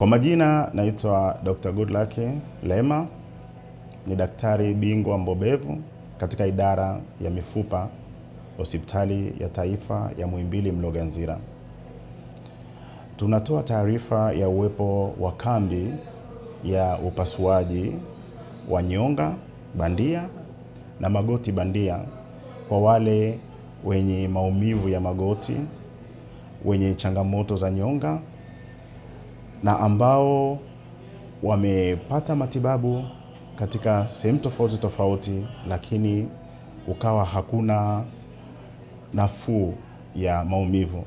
Kwa majina naitwa Dr. Goodluck Lema, ni daktari bingwa mbobevu katika idara ya mifupa hospitali ya taifa ya Muhimbili Mloganzila. Tunatoa taarifa ya uwepo wa kambi ya upasuaji wa nyonga bandia na magoti bandia kwa wale wenye maumivu ya magoti, wenye changamoto za nyonga na ambao wamepata matibabu katika sehemu tofauti tofauti, lakini ukawa hakuna nafuu ya maumivu.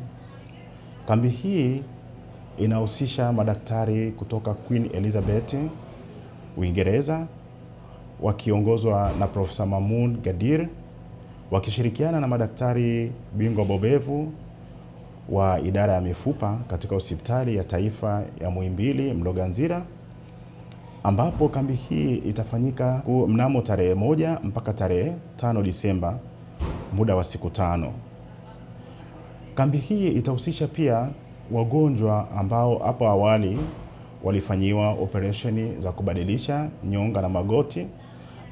Kambi hii inahusisha madaktari kutoka Queen Elizabeth Uingereza, wakiongozwa na Profesa Mamun Gadir wakishirikiana na madaktari bingwa bobevu wa idara ya mifupa katika hospitali ya taifa ya Muhimbili Mloganzila, ambapo kambi hii itafanyika mnamo tarehe moja mpaka tarehe tano Disemba, muda wa siku tano. Kambi hii itahusisha pia wagonjwa ambao hapo awali walifanyiwa operesheni za kubadilisha nyonga na magoti,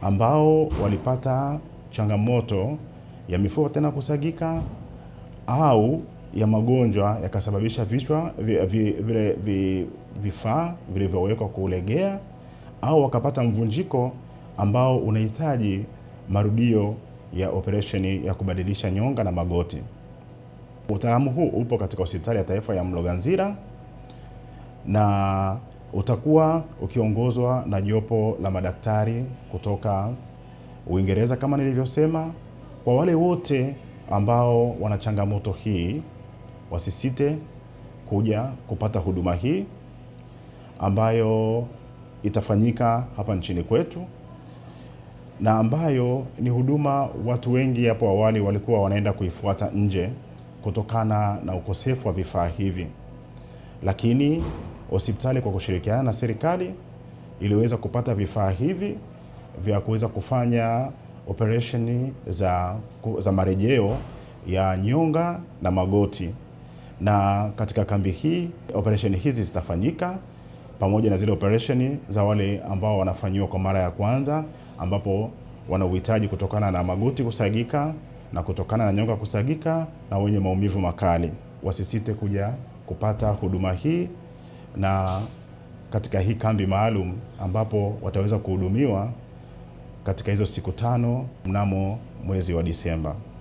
ambao walipata changamoto ya mifupa tena kusagika au ya magonjwa yakasababisha vichwa vile vifaa vilivyowekwa kulegea au wakapata mvunjiko ambao unahitaji marudio ya operesheni ya kubadilisha nyonga na magoti. Utaalamu huu upo katika Hospitali ya Taifa ya Mloganzila na utakuwa ukiongozwa na jopo la madaktari kutoka Uingereza kama nilivyosema. Kwa wale wote ambao wana changamoto hii wasisite kuja kupata huduma hii ambayo itafanyika hapa nchini kwetu na ambayo ni huduma watu wengi hapo awali walikuwa wanaenda kuifuata nje kutokana na ukosefu wa vifaa hivi, lakini hospitali kwa kushirikiana na serikali iliweza kupata vifaa hivi vya kuweza kufanya operesheni za, za marejeo ya nyonga na magoti na katika kambi hii operesheni hizi zitafanyika pamoja na zile operesheni za wale ambao wanafanyiwa kwa mara ya kwanza, ambapo wana uhitaji kutokana na magoti kusagika na kutokana na nyonga kusagika na wenye maumivu makali, wasisite kuja kupata huduma hii na katika hii kambi maalum ambapo wataweza kuhudumiwa katika hizo siku tano mnamo mwezi wa Disemba.